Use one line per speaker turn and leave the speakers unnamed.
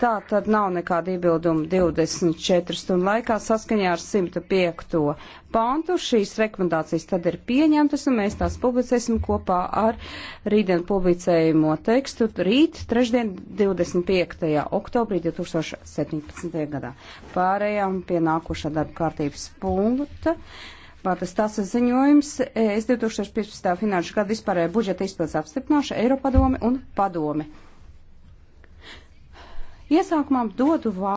Tā tad nav nekāda iebilduma 24 stundu laikā saskaņā ar 105. pantu. Šīs rekomendācijas tad ir pieņemtas un mēs tās publicēsim kopā ar rītdien publicējumu tekstu rīt, trešdien 25. oktobrī 2017. gadā. Pārējām pie nākošā darba kārtības punkta. Pārtas tas ziņojums es 2015. finanšu gadu vispārēju budžeta izpildes apstiprināšu Eiropadome un padome.
Iesākumā dodu vārdu.